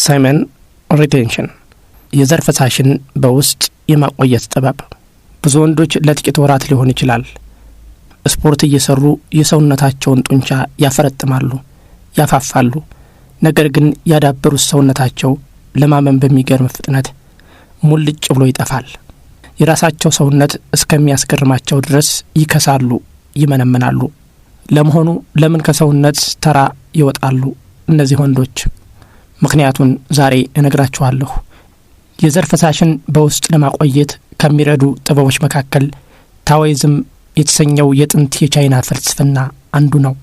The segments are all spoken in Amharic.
ሰመን ሪቴንሽን የዘር ፈሳሽን በውስጥ የማቆየት ጥበብ። ብዙ ወንዶች ለጥቂት ወራት ሊሆን ይችላል ስፖርት እየሰሩ የሰውነታቸውን ጡንቻ ያፈረጥማሉ፣ ያፋፋሉ። ነገር ግን ያዳበሩት ሰውነታቸው ለማመን በሚገርም ፍጥነት ሙልጭ ብሎ ይጠፋል። የራሳቸው ሰውነት እስከሚያስገርማቸው ድረስ ይከሳሉ፣ ይመነምናሉ። ለመሆኑ ለምን ከሰውነት ተራ ይወጣሉ እነዚህ ወንዶች? ምክንያቱን ዛሬ እነግራችኋለሁ። የዘር ፈሳሽን በውስጥ ለማቆየት ከሚረዱ ጥበቦች መካከል ታወይዝም የተሰኘው የጥንት የቻይና ፍልስፍና አንዱ ነው።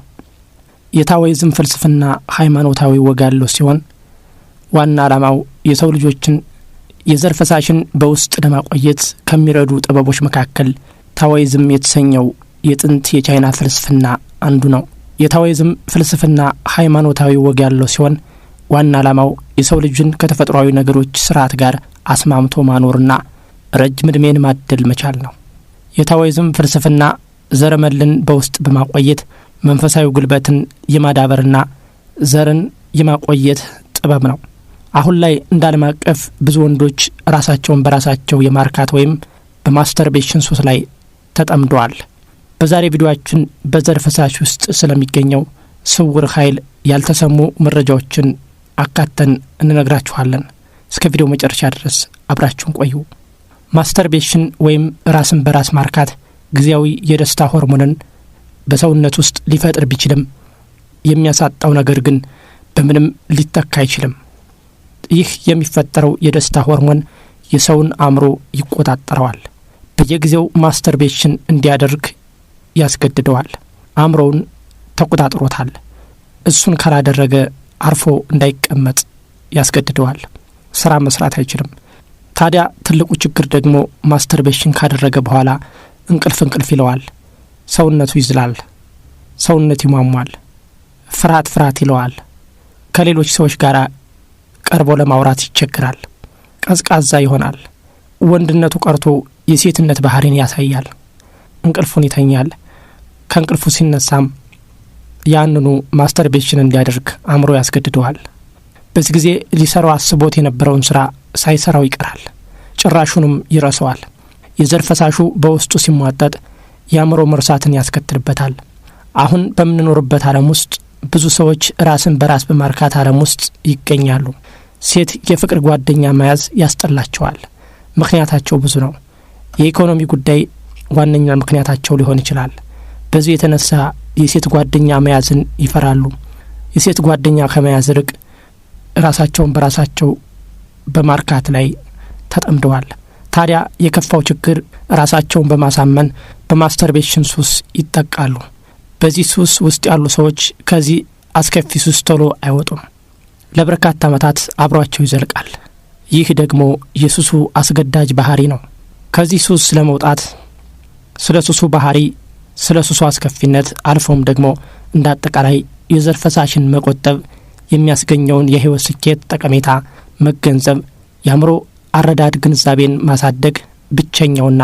የታዎይዝም ፍልስፍና ሃይማኖታዊ ወግ ያለው ሲሆን ዋና ዓላማው የሰው ልጆችን የዘር ፈሳሽን በውስጥ ለማቆየት ከሚረዱ ጥበቦች መካከል ታዎይዝም የተሰኘው የጥንት የቻይና ፍልስፍና አንዱ ነው። የታዎይዝም ፍልስፍና ሃይማኖታዊ ወግ ያለው ሲሆን ዋና ዓላማው የሰው ልጅን ከተፈጥሯዊ ነገሮች ስርዓት ጋር አስማምቶ ማኖርና ረጅም ዕድሜን ማደል መቻል ነው። የታዋይዝም ፍልስፍና ዘረመልን በውስጥ በማቆየት መንፈሳዊ ጉልበትን የማዳበርና ዘርን የማቆየት ጥበብ ነው። አሁን ላይ እንደ ዓለም አቀፍ ብዙ ወንዶች ራሳቸውን በራሳቸው የማርካት ወይም በማስተርቤሽን ሱስ ላይ ተጠምደዋል። በዛሬ ቪዲዮችን በዘር ፈሳሽ ውስጥ ስለሚገኘው ስውር ኃይል ያልተሰሙ መረጃዎችን አካተን እንነግራችኋለን። እስከ ቪዲዮ መጨረሻ ድረስ አብራችሁን ቆዩ። ማስተርቤሽን ወይም ራስን በራስ ማርካት ጊዜያዊ የደስታ ሆርሞንን በሰውነት ውስጥ ሊፈጥር ቢችልም የሚያሳጣው ነገር ግን በምንም ሊተካ አይችልም። ይህ የሚፈጠረው የደስታ ሆርሞን የሰውን አእምሮ ይቆጣጠረዋል። በየጊዜው ማስተርቤሽን እንዲያደርግ ያስገድደዋል። አእምሮውን ተቆጣጥሮታል። እሱን ካላደረገ አርፎ እንዳይቀመጥ ያስገድደዋል። ስራ መስራት አይችልም። ታዲያ ትልቁ ችግር ደግሞ ማስተርቤሽን ካደረገ በኋላ እንቅልፍ እንቅልፍ ይለዋል። ሰውነቱ ይዝላል። ሰውነት ይሟሟል። ፍርሃት ፍርሃት ይለዋል። ከሌሎች ሰዎች ጋር ቀርቦ ለማውራት ይቸግራል። ቀዝቃዛ ይሆናል። ወንድነቱ ቀርቶ የሴትነት ባህሪን ያሳያል። እንቅልፉን ይተኛል። ከእንቅልፉ ሲነሳም ያንኑ ማስተርቤሽን እንዲያደርግ አእምሮ ያስገድደዋል። በዚህ ጊዜ ሊሰራው አስቦት የነበረውን ስራ ሳይሰራው ይቀራል፣ ጭራሹንም ይረሰዋል። የዘር ፈሳሹ በውስጡ ሲሟጠጥ የአእምሮ መርሳትን ያስከትልበታል። አሁን በምንኖርበት ዓለም ውስጥ ብዙ ሰዎች ራስን በራስ በማርካት ዓለም ውስጥ ይገኛሉ። ሴት የፍቅር ጓደኛ መያዝ ያስጠላቸዋል። ምክንያታቸው ብዙ ነው። የኢኮኖሚ ጉዳይ ዋነኛ ምክንያታቸው ሊሆን ይችላል። በዚህ የተነሳ የሴት ጓደኛ መያዝን ይፈራሉ። የሴት ጓደኛ ከመያዝ ርቅ ራሳቸውን በራሳቸው በማርካት ላይ ተጠምደዋል። ታዲያ የከፋው ችግር ራሳቸውን በማሳመን በማስተርቤሽን ሱስ ይጠቃሉ። በዚህ ሱስ ውስጥ ያሉ ሰዎች ከዚህ አስከፊ ሱስ ቶሎ አይወጡም። ለበርካታ ዓመታት አብሯቸው ይዘልቃል። ይህ ደግሞ የሱሱ አስገዳጅ ባህሪ ነው። ከዚህ ሱስ ለመውጣት ስለ ሱሱ ባህሪ ስለ ሱሱ አስከፊነት አልፎም ደግሞ እንደ አጠቃላይ የዘር ፈሳሽን መቆጠብ የሚያስገኘውን የህይወት ስኬት ጠቀሜታ መገንዘብ የአእምሮ አረዳድ ግንዛቤን ማሳደግ ብቸኛውና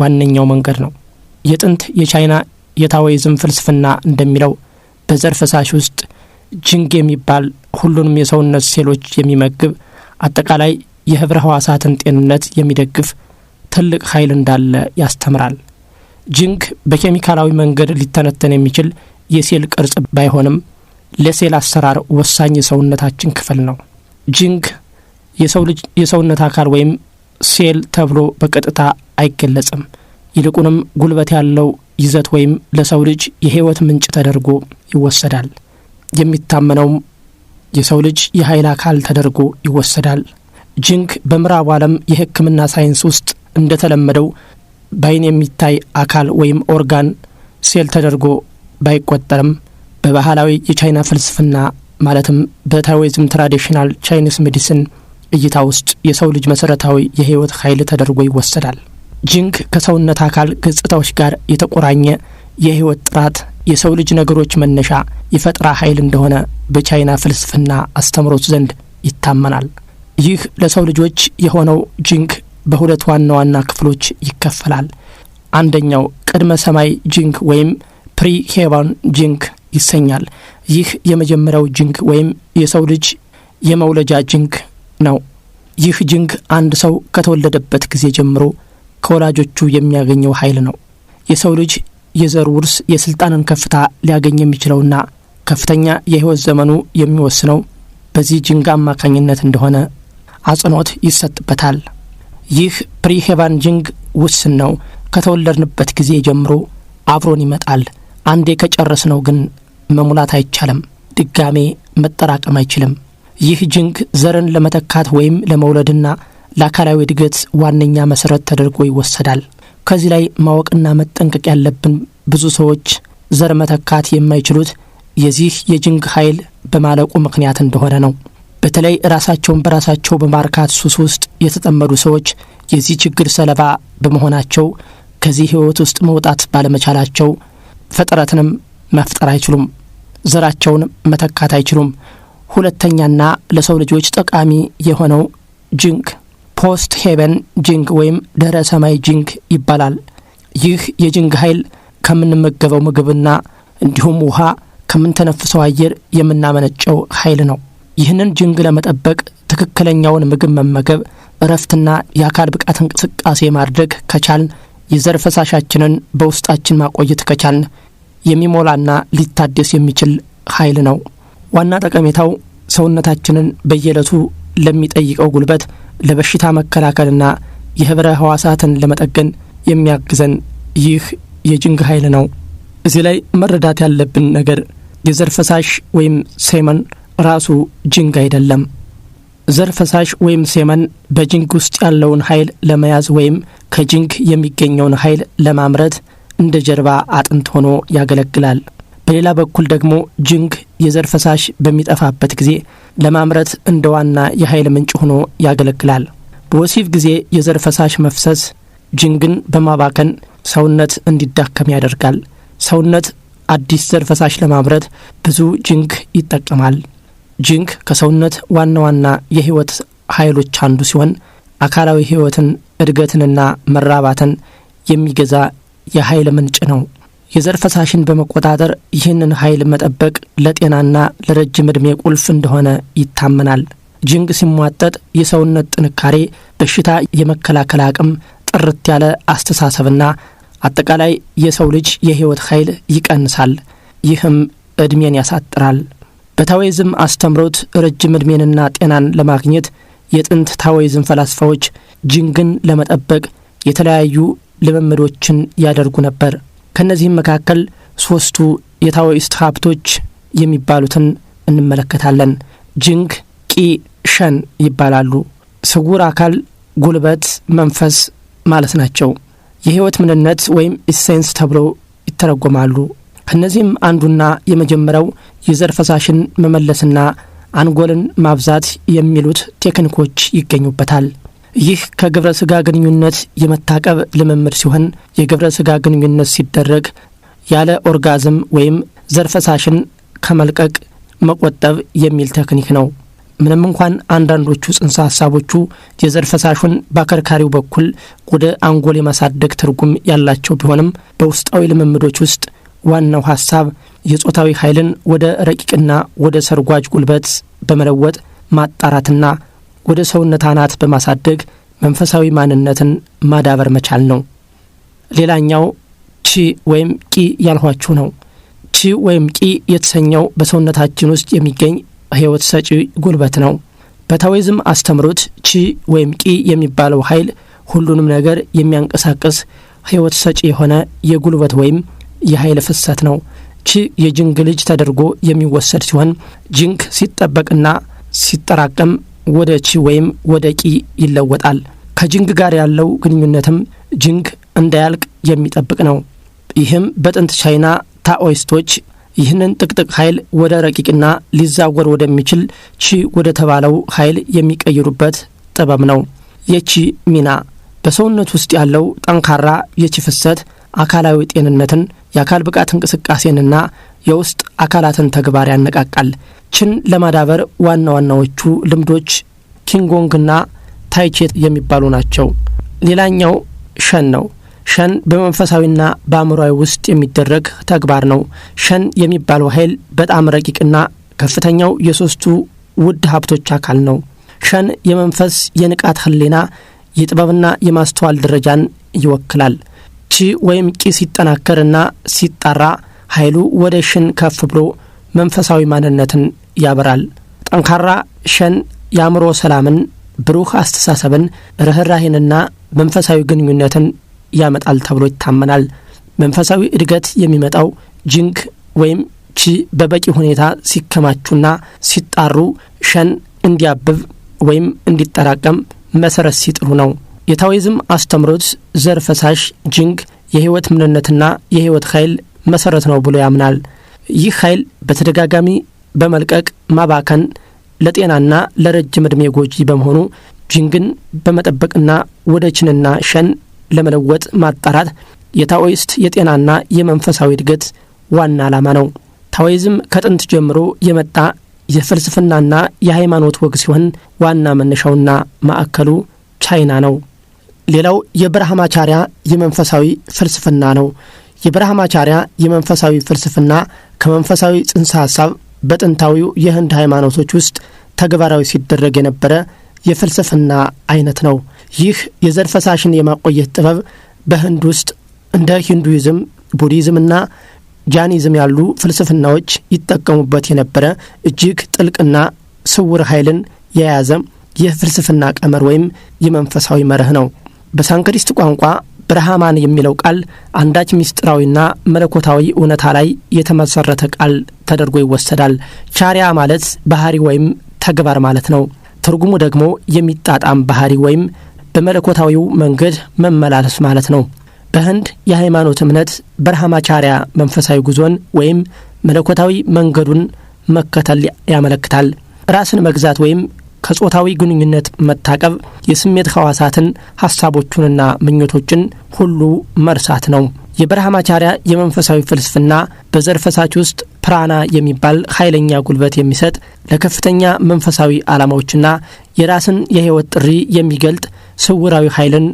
ዋነኛው መንገድ ነው። የጥንት የቻይና የታወይዝም ፍልስፍና እንደሚለው በዘር ፈሳሽ ውስጥ ጅንግ የሚባል ሁሉንም የሰውነት ሴሎች የሚመግብ አጠቃላይ የህብረ ህዋሳትን ጤንነት የሚደግፍ ትልቅ ኃይል እንዳለ ያስተምራል። ጅንክ በኬሚካላዊ መንገድ ሊተነተን የሚችል የሴል ቅርጽ ባይሆንም ለሴል አሰራር ወሳኝ የሰውነታችን ክፍል ነው። ጅንክ የሰው ልጅ የሰውነት አካል ወይም ሴል ተብሎ በቀጥታ አይገለጽም። ይልቁንም ጉልበት ያለው ይዘት ወይም ለሰው ልጅ የህይወት ምንጭ ተደርጎ ይወሰዳል። የሚታመነውም የሰው ልጅ የኃይል አካል ተደርጎ ይወሰዳል። ጅንክ በምዕራቡ ዓለም የሕክምና ሳይንስ ውስጥ እንደተለመደው በአይን የሚታይ አካል ወይም ኦርጋን ሴል ተደርጎ ባይቆጠርም በባህላዊ የቻይና ፍልስፍና ማለትም በታዊዝም ትራዲሽናል ቻይኒስ ሜዲሲን እይታ ውስጥ የሰው ልጅ መሰረታዊ የህይወት ኃይል ተደርጎ ይወሰዳል። ጂንግ ከሰውነት አካል ገጽታዎች ጋር የተቆራኘ የህይወት ጥራት የሰው ልጅ ነገሮች መነሻ የፈጠራ ኃይል እንደሆነ በቻይና ፍልስፍና አስተምሮት ዘንድ ይታመናል። ይህ ለሰው ልጆች የሆነው ጂንግ በሁለት ዋና ዋና ክፍሎች ይከፈላል። አንደኛው ቅድመ ሰማይ ጂንግ ወይም ፕሪ ሄቫን ጂንግ ይሰኛል። ይህ የመጀመሪያው ጅንግ ወይም የሰው ልጅ የመውለጃ ጅንግ ነው። ይህ ጅንግ አንድ ሰው ከተወለደበት ጊዜ ጀምሮ ከወላጆቹ የሚያገኘው ኃይል ነው። የሰው ልጅ የዘር ውርስ የስልጣንን ከፍታ ሊያገኝ የሚችለውና ከፍተኛ የህይወት ዘመኑ የሚወስነው በዚህ ጅንግ አማካኝነት እንደሆነ አጽንኦት ይሰጥበታል። ይህ ፕሪሄቫንጅንግ ውስን ነው። ከተወለድንበት ጊዜ ጀምሮ አብሮን ይመጣል። አንዴ ከጨረስ ነው ግን መሙላት አይቻልም፣ ድጋሜ መጠራቀም አይችልም። ይህ ጅንግ ዘርን ለመተካት ወይም ለመውለድና ለአካላዊ እድገት ዋነኛ መሰረት ተደርጎ ይወሰዳል። ከዚህ ላይ ማወቅና መጠንቀቅ ያለብን ብዙ ሰዎች ዘር መተካት የማይችሉት የዚህ የጅንግ ኃይል በማለቁ ምክንያት እንደሆነ ነው። በተለይ ራሳቸውን በራሳቸው በማርካት ሱስ ውስጥ የተጠመዱ ሰዎች የዚህ ችግር ሰለባ በመሆናቸው ከዚህ ሕይወት ውስጥ መውጣት ባለመቻላቸው ፍጥረትንም መፍጠር አይችሉም፣ ዘራቸውን መተካት አይችሉም። ሁለተኛና ለሰው ልጆች ጠቃሚ የሆነው ጅንግ ፖስት ሄቨን ጅንግ ወይም ደረ ሰማይ ጅንክ ይባላል። ይህ የጅንግ ኃይል ከምንመገበው ምግብና እንዲሁም ውሃ ከምንተነፍሰው አየር የምናመነጨው ኃይል ነው። ይህንን ጅንግ ለመጠበቅ ትክክለኛውን ምግብ መመገብ እረፍትና የአካል ብቃት እንቅስቃሴ ማድረግ ከቻልን የዘር ፈሳሻችንን በውስጣችን ማቆየት ከቻልን የሚሞላና ሊታደስ የሚችል ኃይል ነው። ዋና ጠቀሜታው ሰውነታችንን በየዕለቱ ለሚጠይቀው ጉልበት፣ ለበሽታ መከላከልና የህብረ ህዋሳትን ለመጠገን የሚያግዘን ይህ የጅንግ ኃይል ነው። እዚህ ላይ መረዳት ያለብን ነገር የዘር ፈሳሽ ወይም ሴመን ራሱ ጅንግ አይደለም። ዘር ፈሳሽ ወይም ሴመን በጅንግ ውስጥ ያለውን ኃይል ለመያዝ ወይም ከጅንግ የሚገኘውን ኃይል ለማምረት እንደ ጀርባ አጥንት ሆኖ ያገለግላል። በሌላ በኩል ደግሞ ጅንግ የዘር ፈሳሽ በሚጠፋበት ጊዜ ለማምረት እንደ ዋና የኃይል ምንጭ ሆኖ ያገለግላል። በወሲብ ጊዜ የዘር ፈሳሽ መፍሰስ ጅንግን በማባከን ሰውነት እንዲዳከም ያደርጋል። ሰውነት አዲስ ዘር ፈሳሽ ለማምረት ብዙ ጅንግ ይጠቀማል። ጂንክ ከሰውነት ዋና ዋና የህይወት ኃይሎች አንዱ ሲሆን አካላዊ ህይወትን እድገትንና መራባትን የሚገዛ የኃይል ምንጭ ነው። የዘር ፈሳሽን በመቆጣጠር ይህንን ኃይል መጠበቅ ለጤናና ለረጅም ዕድሜ ቁልፍ እንደሆነ ይታመናል። ጅንግ ሲሟጠጥ የሰውነት ጥንካሬ፣ በሽታ የመከላከል አቅም፣ ጥርት ያለ አስተሳሰብና አጠቃላይ የሰው ልጅ የህይወት ኃይል ይቀንሳል። ይህም ዕድሜን ያሳጥራል። በታዋይዝም አስተምሮት ረጅም ዕድሜንና ጤናን ለማግኘት የጥንት ታዋይዝም ፈላስፋዎች ጅንግን ለመጠበቅ የተለያዩ ልምምዶችን ያደርጉ ነበር። ከእነዚህም መካከል ሶስቱ የታዋይስት ሀብቶች የሚባሉትን እንመለከታለን። ጂንግ፣ ቂ፣ ሸን ይባላሉ። ስውር አካል፣ ጉልበት፣ መንፈስ ማለት ናቸው። የህይወት ምንነት ወይም ኢሴንስ ተብለው ይተረጎማሉ። ከእነዚህም አንዱና የመጀመሪያው የዘር ፈሳሽን መመለስና አንጎልን ማብዛት የሚሉት ቴክኒኮች ይገኙበታል። ይህ ከግብረ ስጋ ግንኙነት የመታቀብ ልምምድ ሲሆን የግብረ ስጋ ግንኙነት ሲደረግ ያለ ኦርጋዝም ወይም ዘር ፈሳሽን ከመልቀቅ መቆጠብ የሚል ቴክኒክ ነው። ምንም እንኳን አንዳንዶቹ ጽንሰ ሀሳቦቹ የዘር ፈሳሹን በአከርካሪው በኩል ወደ አንጎል የማሳደግ ትርጉም ያላቸው ቢሆንም በውስጣዊ ልምምዶች ውስጥ ዋናው ሀሳብ የጾታዊ ኃይልን ወደ ረቂቅና ወደ ሰርጓጅ ጉልበት በመለወጥ ማጣራትና ወደ ሰውነት አናት በማሳደግ መንፈሳዊ ማንነትን ማዳበር መቻል ነው። ሌላኛው ቺ ወይም ቂ ያልኋችሁ ነው። ቺ ወይም ቂ የተሰኘው በሰውነታችን ውስጥ የሚገኝ ሕይወት ሰጪ ጉልበት ነው። በታዊዝም አስተምሮት ቺ ወይም ቂ የሚባለው ኃይል ሁሉንም ነገር የሚያንቀሳቅስ ሕይወት ሰጪ የሆነ የጉልበት ወይም የኃይል ፍሰት ነው። ቺ የጅንግ ልጅ ተደርጎ የሚወሰድ ሲሆን ጅንግ ሲጠበቅና ሲጠራቀም ወደ ቺ ወይም ወደ ቂ ይለወጣል። ከጅንግ ጋር ያለው ግንኙነትም ጅንግ እንዳያልቅ የሚጠብቅ ነው። ይህም በጥንት ቻይና ታኦይስቶች ይህንን ጥቅጥቅ ኃይል ወደ ረቂቅና ሊዛወር ወደሚችል ቺ ወደ ተባለው ኃይል የሚቀይሩበት ጥበብ ነው። የቺ ሚና በሰውነት ውስጥ ያለው ጠንካራ የቺ ፍሰት አካላዊ ጤንነትን የአካል ብቃት እንቅስቃሴንና የውስጥ አካላትን ተግባር ያነቃቃል። ችን ለማዳበር ዋና ዋናዎቹ ልምዶች ኪንጎንግና ታይቼት የሚባሉ ናቸው። ሌላኛው ሸን ነው። ሸን በመንፈሳዊና በአእምሯዊ ውስጥ የሚደረግ ተግባር ነው። ሸን የሚባለው ኃይል በጣም ረቂቅና ከፍተኛው የሶስቱ ውድ ሀብቶች አካል ነው። ሸን የመንፈስ የንቃት ህሌና፣ የጥበብና የማስተዋል ደረጃን ይወክላል። ቺ ወይም ቂ ሲጠናከርና ሲጣራ ኃይሉ ወደ ሽን ከፍ ብሎ መንፈሳዊ ማንነትን ያበራል። ጠንካራ ሸን የአእምሮ ሰላምን፣ ብሩህ አስተሳሰብን፣ ርኅራሄንና መንፈሳዊ ግንኙነትን ያመጣል ተብሎ ይታመናል። መንፈሳዊ እድገት የሚመጣው ጅንግ ወይም ቺ በበቂ ሁኔታ ሲከማቹና ሲጣሩ ሸን እንዲያብብ ወይም እንዲጠራቀም መሰረት ሲጥሩ ነው። የታዊዝም አስተምሮት ዘር ፈሳሽ ጅንግ የህይወት ምንነትና የህይወት ኃይል መሰረት ነው ብሎ ያምናል። ይህ ኃይል በተደጋጋሚ በመልቀቅ ማባከን ለጤናና ለረጅም ዕድሜ ጎጂ በመሆኑ ጅንግን በመጠበቅና ወደ ችንና ሸን ለመለወጥ ማጣራት የታዊስት የጤናና የመንፈሳዊ እድገት ዋና ዓላማ ነው። ታዊዝም ከጥንት ጀምሮ የመጣ የፍልስፍናና የሃይማኖት ወግ ሲሆን ዋና መነሻውና ማዕከሉ ቻይና ነው። ሌላው የብርሃማቻሪያ የመንፈሳዊ ፍልስፍና ነው። የብርሃማቻሪያ የመንፈሳዊ ፍልስፍና ከመንፈሳዊ ጽንሰ ሐሳብ በጥንታዊው የህንድ ሃይማኖቶች ውስጥ ተግባራዊ ሲደረግ የነበረ የፍልስፍና አይነት ነው። ይህ የዘር ፈሳሽን የማቆየት ጥበብ በህንድ ውስጥ እንደ ሂንዱይዝም፣ ቡዲዝምና ጃኒዝም ያሉ ፍልስፍናዎች ይጠቀሙበት የነበረ እጅግ ጥልቅና ስውር ኃይልን የያዘ የፍልስፍና ቀመር ወይም የመንፈሳዊ መርህ ነው። በሳንክሪስት ቋንቋ ብርሃማን የሚለው ቃል አንዳች ምስጢራዊና መለኮታዊ እውነታ ላይ የተመሰረተ ቃል ተደርጎ ይወሰዳል። ቻሪያ ማለት ባህሪ ወይም ተግባር ማለት ነው። ትርጉሙ ደግሞ የሚጣጣም ባህሪ ወይም በመለኮታዊው መንገድ መመላለስ ማለት ነው። በህንድ የሃይማኖት እምነት ብርሃማቻሪያ መንፈሳዊ ጉዞን ወይም መለኮታዊ መንገዱን መከተል ያመለክታል። ራስን መግዛት ወይም ከጾታዊ ግንኙነት መታቀብ የስሜት ሕዋሳትን ሐሳቦቹንና ምኞቶችን ሁሉ መርሳት ነው። የብርሃማቻሪያ የመንፈሳዊ ፍልስፍና በዘርፈሳች ውስጥ ፕራና የሚባል ኃይለኛ ጉልበት የሚሰጥ ለከፍተኛ መንፈሳዊ ዓላማዎችና የራስን የሕይወት ጥሪ የሚገልጥ ስውራዊ ኃይልን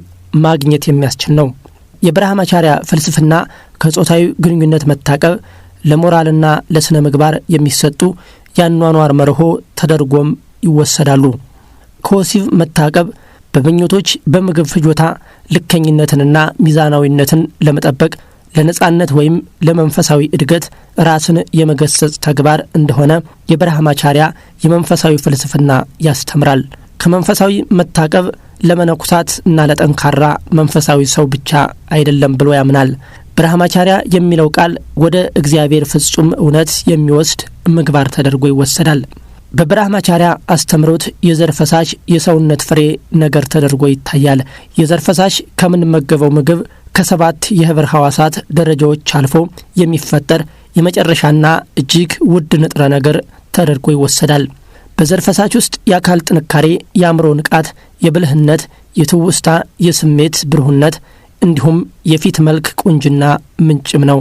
ማግኘት የሚያስችል ነው። የብርሃማቻሪያ ፍልስፍና ከጾታዊ ግንኙነት መታቀብ ለሞራልና ለሥነ ምግባር የሚሰጡ የአኗኗር መርሆ ተደርጎም ይወሰዳሉ። ከወሲብ መታቀብ በምኞቶች በምግብ ፍጆታ ልከኝነትንና ሚዛናዊነትን ለመጠበቅ ለነጻነት ወይም ለመንፈሳዊ እድገት ራስን የመገሰጽ ተግባር እንደሆነ የብርሃማቻሪያ የመንፈሳዊ ፍልስፍና ያስተምራል። ከመንፈሳዊ መታቀብ ለመነኩሳት እና ለጠንካራ መንፈሳዊ ሰው ብቻ አይደለም ብሎ ያምናል። ብርሃማቻሪያ የሚለው ቃል ወደ እግዚአብሔር ፍጹም እውነት የሚወስድ ምግባር ተደርጎ ይወሰዳል። በብርሃማቻሪያ አስተምሮት የዘር ፈሳሽ የሰውነት ፍሬ ነገር ተደርጎ ይታያል። የዘር ፈሳሽ ከምንመገበው ምግብ ከሰባት የህብር ሐዋሳት ደረጃዎች አልፎ የሚፈጠር የመጨረሻና እጅግ ውድ ንጥረ ነገር ተደርጎ ይወሰዳል። በዘር ፈሳሽ ውስጥ የአካል ጥንካሬ፣ የአእምሮ ንቃት፣ የብልህነት፣ የትውስታ፣ የስሜት ብሩህነት እንዲሁም የፊት መልክ ቁንጅና ምንጭም ነው።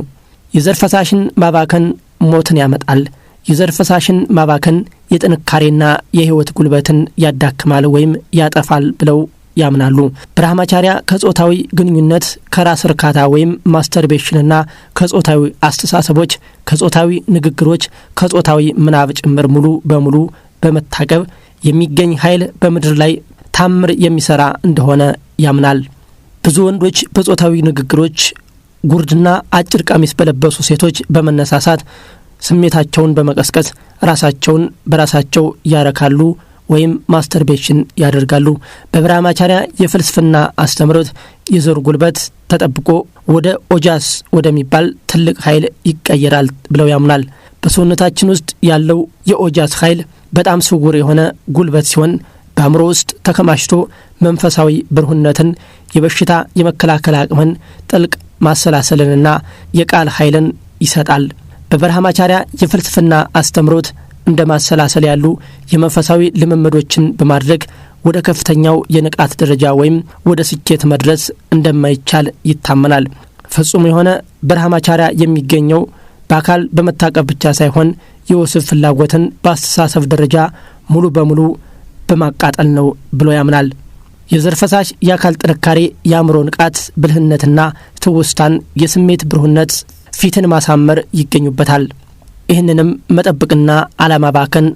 የዘር ፈሳሽን ማባከን ሞትን ያመጣል። የዘር ፈሳሽን ማባከን የጥንካሬና የህይወት ጉልበትን ያዳክማል ወይም ያጠፋል ብለው ያምናሉ። ብርሃማቻሪያ ከጾታዊ ግንኙነት፣ ከራስ እርካታ ወይም ማስተርቤሽንና ከጾታዊ አስተሳሰቦች፣ ከጾታዊ ንግግሮች፣ ከጾታዊ ምናብ ጭምር ሙሉ በሙሉ በመታቀብ የሚገኝ ኃይል በምድር ላይ ታምር የሚሰራ እንደሆነ ያምናል። ብዙ ወንዶች በጾታዊ ንግግሮች ጉርድና አጭር ቀሚስ በለበሱ ሴቶች በመነሳሳት ስሜታቸውን በመቀስቀስ ራሳቸውን በራሳቸው ያረካሉ ወይም ማስተርቤሽን ያደርጋሉ። በብርሃማቻሪያ የፍልስፍና አስተምሮት የዘር ጉልበት ተጠብቆ ወደ ኦጃስ ወደሚባል ትልቅ ኃይል ይቀየራል ብለው ያምናል። በሰውነታችን ውስጥ ያለው የኦጃስ ኃይል በጣም ስውር የሆነ ጉልበት ሲሆን በአእምሮ ውስጥ ተከማችቶ መንፈሳዊ ብርሁነትን፣ የበሽታ የመከላከል አቅምን፣ ጥልቅ ማሰላሰልንና የቃል ኃይልን ይሰጣል። ማቻሪያ የፍልስፍና አስተምሮት እንደ ማሰላሰል ያሉ የመንፈሳዊ ልምምዶችን በማድረግ ወደ ከፍተኛው የንቃት ደረጃ ወይም ወደ ስኬት መድረስ እንደማይቻል ይታመናል። ፍጹም የሆነ በርሃማቻሪያ የሚገኘው በአካል በመታቀብ ብቻ ሳይሆን የወስብ ፍላጎትን በአስተሳሰብ ደረጃ ሙሉ በሙሉ በማቃጠል ነው ብሎ ያምናል። የዘር ፈሳሽ የአካል ጥንካሬ፣ የአእምሮ ንቃት፣ ብልህነትና ትውስታን፣ የስሜት ብሩህነት ፊትን ማሳመር ይገኙበታል። ይህንንም መጠበቅና አለማባከን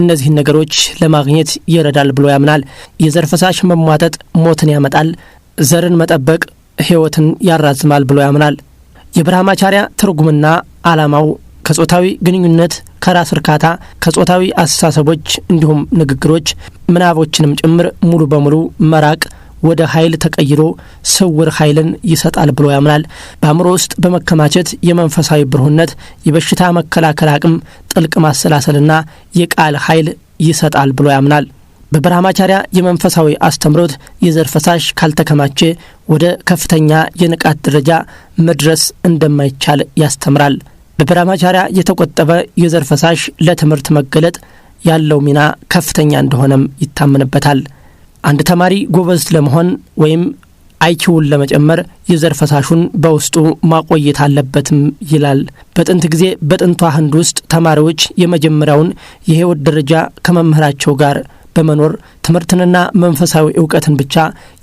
እነዚህን ነገሮች ለማግኘት ይረዳል ብሎ ያምናል። የዘር ፈሳሽ መሟጠጥ ሞትን ያመጣል፣ ዘርን መጠበቅ ሕይወትን ያራዝማል ብሎ ያምናል። የብርሃማቻሪያ ትርጉምና ዓላማው ከጾታዊ ግንኙነት፣ ከራስ እርካታ፣ ከጾታዊ አስተሳሰቦች እንዲሁም ንግግሮች፣ ምናቦችንም ጭምር ሙሉ በሙሉ መራቅ ወደ ኃይል ተቀይሮ ስውር ኃይልን ይሰጣል ብሎ ያምናል። በአእምሮ ውስጥ በመከማቸት የመንፈሳዊ ብሩህነት፣ የበሽታ መከላከል አቅም፣ ጥልቅ ማሰላሰልና የቃል ኃይል ይሰጣል ብሎ ያምናል። በብርሃማቻሪያ የመንፈሳዊ አስተምሮት የዘር ፈሳሽ ካልተከማቸ ወደ ከፍተኛ የንቃት ደረጃ መድረስ እንደማይቻል ያስተምራል። በብርሃማቻሪያ የተቆጠበ የዘር ፈሳሽ ለትምህርት መገለጥ ያለው ሚና ከፍተኛ እንደሆነም ይታመንበታል። አንድ ተማሪ ጎበዝ ለመሆን ወይም አይኪውን ለመጨመር የዘር ፈሳሹን በውስጡ ማቆየት አለበትም ይላል። በጥንት ጊዜ በጥንቷ ህንድ ውስጥ ተማሪዎች የመጀመሪያውን የህይወት ደረጃ ከመምህራቸው ጋር በመኖር ትምህርትንና መንፈሳዊ እውቀትን ብቻ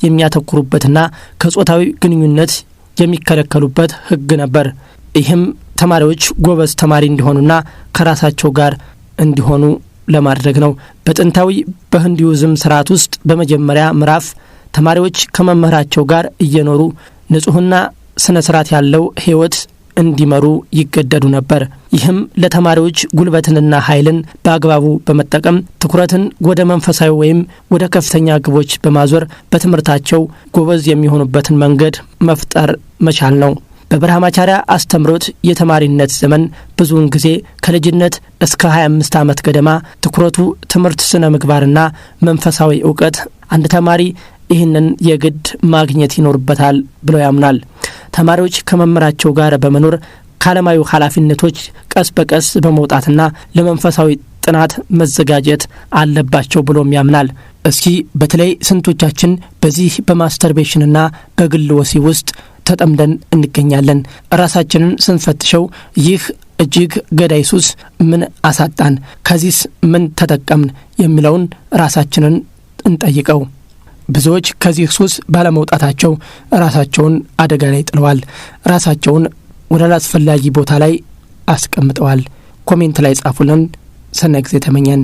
የሚያተኩሩበትና ከጾታዊ ግንኙነት የሚከለከሉበት ህግ ነበር። ይህም ተማሪዎች ጎበዝ ተማሪ እንዲሆኑና ከራሳቸው ጋር እንዲሆኑ ለማድረግ ነው። በጥንታዊ በህንዲውዝም ስርዓት ውስጥ በመጀመሪያ ምዕራፍ ተማሪዎች ከመምህራቸው ጋር እየኖሩ ንጹሕና ስነ ስርዓት ያለው ህይወት እንዲመሩ ይገደዱ ነበር። ይህም ለተማሪዎች ጉልበትንና ኃይልን በአግባቡ በመጠቀም ትኩረትን ወደ መንፈሳዊ ወይም ወደ ከፍተኛ ግቦች በማዞር በትምህርታቸው ጎበዝ የሚሆኑበትን መንገድ መፍጠር መቻል ነው። በብርሃማቻሪያ አስተምሮት የተማሪነት ዘመን ብዙውን ጊዜ ከልጅነት እስከ 25 ዓመት ገደማ ትኩረቱ ትምህርት ስነ ምግባርና መንፈሳዊ እውቀት አንድ ተማሪ ይህንን የግድ ማግኘት ይኖርበታል ብለው ያምናል። ተማሪዎች ከመምህራቸው ጋር በመኖር ከዓለማዊ ኃላፊነቶች ቀስ በቀስ በመውጣትና ለመንፈሳዊ ጥናት መዘጋጀት አለባቸው ብሎም ያምናል። እስኪ በተለይ ስንቶቻችን በዚህ በማስተርቤሽንና በግል ወሲ ውስጥ ተጠምደን እንገኛለን። ራሳችንን ስንፈትሸው ይህ እጅግ ገዳይ ሱስ ምን አሳጣን፣ ከዚህስ ምን ተጠቀምን የሚለውን ራሳችንን እንጠይቀው። ብዙዎች ከዚህ ሱስ ባለመውጣታቸው ራሳቸውን አደጋ ላይ ጥለዋል። ራሳቸውን ወደ አላስፈላጊ ቦታ ላይ አስቀምጠዋል። ኮሜንት ላይ ጻፉልን። ሰናይ ጊዜ ተመኘን።